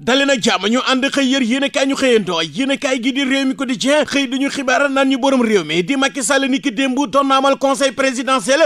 dale nag jàmm ñu ànd xëy yër yéen a ñu xëyandoo yéen a kaay gi di réew mi quotidien xëy duñu xibaara naan ñu borom réew mi di Macky Sall ni ki démb doon na amal conseil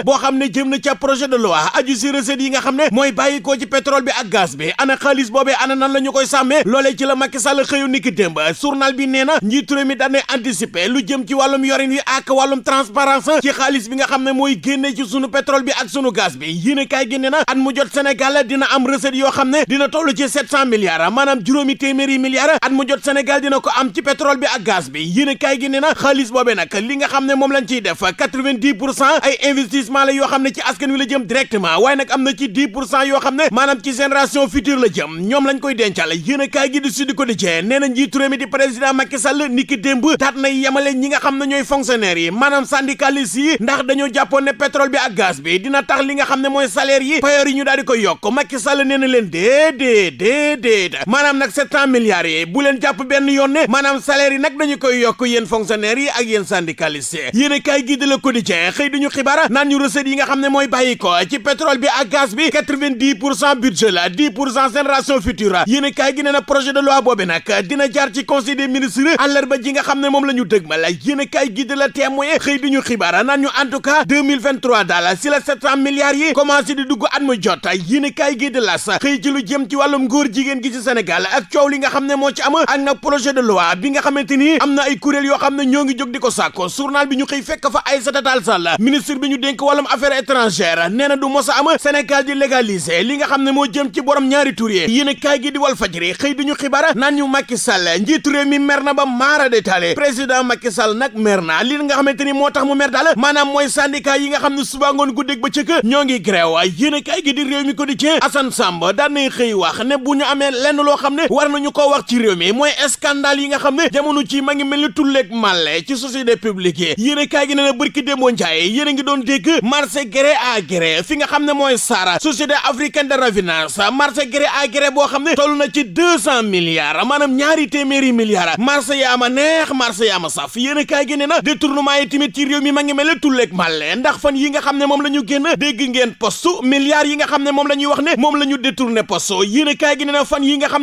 boo xam ne jëm na ca projet de loi aju si recettes yi nga xam ne mooy bàyyi ko ci pétrole bi ak gaz bi ana xaalis boobee ana nan la ñu koy sàmmee loolee ci la Macky Sall xëyu ni démb journal bi nee na njiitu réew mi daan anticiper lu jëm ci wàllum yorin wi ak wàllum transparence ci xaalis bi nga xam ne mooy génnee ci sunu pétrole bi ak sunu gaz bi yéen a kaay at mu jot Sénégal dina am recette yoo xam ne dina toll ci 700 milliards maanaam juróomi téeméeri milliards at mu jot Sénégal dina ko am ci pétrole bi ak gaz bi yéen gi ne na xaalis boobee nag li nga xam ne moom lañ ciy def 90 pour cent ay investissement la yoo xam ne ci askan wi la jëm directement waaye nag am na ci 10 pour cent yoo xam ne maanaam ci génération future la jëm ñoom lañ koy dencal yéen a kaay gi di suddi ko di jee nee na njiitu réew mi di président Macky Sall niki démb daat na yemale ñi nga xam ne ñooy fonctionnaire yi maanaam syndicaliste tax li nga xam ne mooy salaire yi payoor yi ñu daal di koy yokk Macky Sall nee na leen déedéet déedéet maanaam nag sept cent milliards yi bu leen jàpp benn yoon ne maanaam salaire nag dañu koy yokk yéen fonctionnaires yi ak yéen syndicalistes yi yéen a kaay gi de Le Quotidien xëy duñu xibaar naan ñu recettes yi nga xam ne mooy bàyyi ko ci pétrole bi ak gaz bi quatre-vingt-dix pour cent budget la dix pour cent génération future a na projet de loi ji nga xam ne moom la ñu dëgmal yéen a kaay gi de La Témoin xëy duñu xibaar naan ñu en tout cas deux mille vingt-trois daal si la sept cent yi commencé di dugg at mu jot yéen a kaay gi de L'As xëy ci lu jëm ci wàllum góor jigéen gi ci Sénégal ak coow li nga xam ne moo ci am ak nag projet de loi bi nga xamante ni am na ay kuréel yoo xam ne ñoo ngi jóg di ko sàkko journal bi ñu xëy fekk fa Aïssata Tall Sall ministre bi ñu dénk wàllum affaires étrangères nee na du mos a am Sénégal di légaliser li nga xam ne moo jëm ci borom ñaari tur yi yéen a di wal fajri xëy di ñu xibaar naan ñu Macky Sall njiitu réew mi mer na ba maara détaillé président Macky Sall nag mer na li nga xam ne suba a loo xam ne war nañu ko wax ci réew mooy scandale yi nga xam ne jamono ci ma ngi mel ni ci société publique yi yéene kaay gi ne na bërki démboo njaay yéen a ngi doon dégg marché gré à gré fi nga xam ne mooy SARA société africaine de raffinage marché gré à gré boo xam ne toll na ci deux cent milliards maanaam yaa ma neex marché yaa ma saf yéene kaay gi ne na détournement yi tamit ci ma ngi mel ni tulleeg màlle ndax fan yi nga xam ne moom la ñu génn dégg ngeen postu milliards yi nga xam ne ne moom la ñu détourné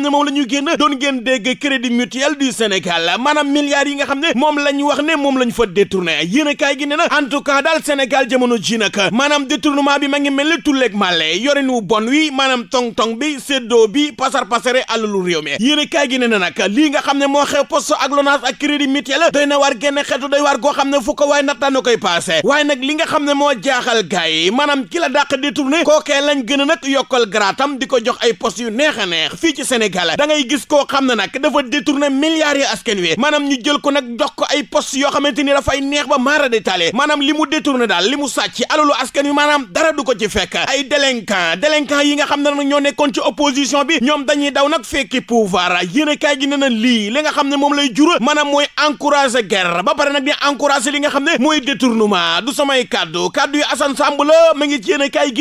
xam ne moom la ñuy génn doon ngeen dégg crédit mutuel du Sénégal maanaam milliards yi nga xam ne moom lañ wax ne moom lañ fa détourné yéen a kaay gi ne na en tout Sénégal jamono ji nag maanaam détournement bi ma ngi mel ni tulleeg màlle yorin wu bon wi maanaam tong-tong bi séddoo bi pasar pasare àllalu réew mi yéen a gi ne na nag lii nga xam ne moo xew poste ak LONASE ak crédit mutuel doy na waar génn xeetu doy war goo xam ne fu ko waaye nattaana koy passé waaye nag li nga xam moo jaaxal gars yi maanaam ki la dàq détourné kookee lañ gën a nag yokkal gratam di ko jox ay poste yu neex a Sénégal da ngay gis koo xam ne nag dafa détourné milliards yi askan wi maanaam ñu jël ko nag jox ko ay poste yoo xamante ni dafay neex ba maara détaillé maanaam li mu détourné daal li mu sàcc alalu askan wi maanaam dara du ko ci fekk ay délinquant délinquant yi nga xam ne nag ñoo nekkoon ci opposition bi ñoom dañuy daw nag fekki pouvoir yéen kaay gi ne na lii li nga xam ne moom lay jur maanaam mooy encourager guerre ba pare nag di encourager li nga xam ne mooy détournement du samay kaddu kaddu yu Assane Samb la ma ngi ci yéen kaay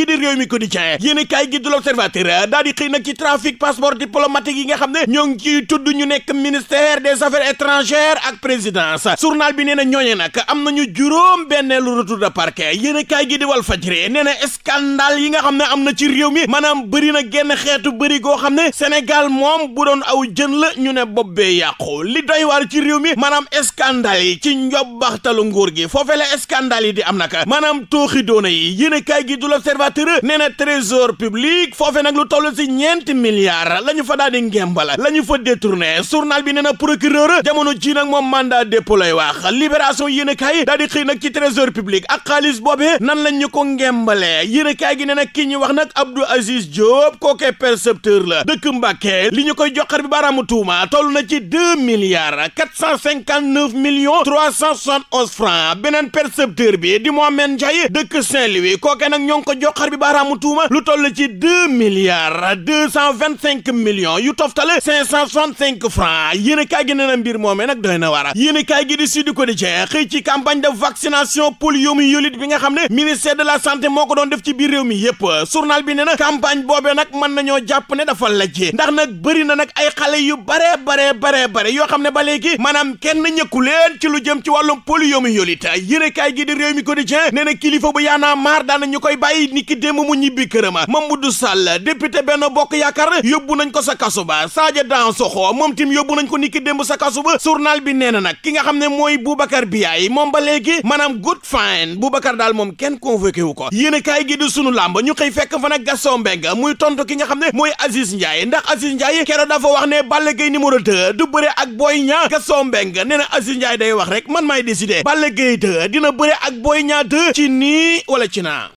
diplomatique yi nga xam ne ñoo ngi ciy tudd ñu nekk ministère des affaires étrangères ak présidence journal bi nee na ñooñe nag am nañu juróom benneelu retour de parquet yéen a gi di Walf Fadjri nee na scandale yi nga xam ne am na ci réew mi maanaam bëri na genn xeetu bëri goo xam ne Sénégal moom bu doon aw jën la ñu ne bopp bee yàqu li doy waar ci réew mi maanaam scandale yi ci njobbaxtalu nguur gi foofee la scandale yi di am nag maanaam tooxi doona yi yéen a kaay gi du L'Observateur nee na trésor public foofee nag lu toll si ñeenti milliards daal di ngembala la ñu fa détourné journal bi nee na procureur jamono ji nag moom mandat dépôt lay wax libération yéen a kaay daal ci trésor public ak xaalis boobee nan lañ ñu ko ngembale yéen a kaay gi na kii ñu wax nag Abdou Aziz Diop kookee percepteur la dëkk Mbàkke li ñu koy joxar bi baaraamu tuuma toll na ci deux milliards quatre cent cinquante neuf millions trois cent soixante onze francs beneen percepteur bi di Mohamed Ndiaye dëkk Saint-Louis kookee nag ñoo ngi ko joxar bi baaraamu tuuma lu toll ci deux milliards deux cent vingt cinq millions millions yu toftale cinq cent soixante-cinq francs yéen a kaay gi nee na mbir moomee nag doy na war yéen a kaay gi di Sud Quotidien xëy ci campagne de vaccination poliomyélite bi nga xam ne ministère de la santé moo ko doon def ci biir réew mi yépp journal bi nee na campagne boobee nag mën nañoo jàpp ne dafa lajjee ndax nag bëri na nag ay xale yu bare bare bare bare yoo xam ne ba léegi maanaam kenn ñëkku leen ci lu jëm ci wàllum poliomyélite yéen kaay gi di réew mi quotidien nee na kilifa bu yaanaa maar daana ñu koy bàyyi ni ki mu ñibbi kërëma Mamadou Sall député benn bokk yaakaar yóbbu nañ ko sa kasu ba Sadio Dansokho moom tim yóbbu nañ ko niki démb sa kasu ba bi neena na nag ki nga xam ne mooy Boubacar Biaye moom ba léegi maanaam good fine Boubacar daal moom kenn convoqué wu ko yéen a kaay gi di sunu làmb ñu xëy fekk fa nag Gaston Mbengue muy tontu ki nga xam ne mooy Aziz Ndiaye ndax Aziz Ndiaye keroog dafa wax ne Balla Gaye numéro 2 du bëre ak Boy Niang Gaston Mbengue nee na Aziz Ndiaye day wax rek man maay décider Balla Gaye 2 dina bëre ak Boy Niang 2 nii wala ci naa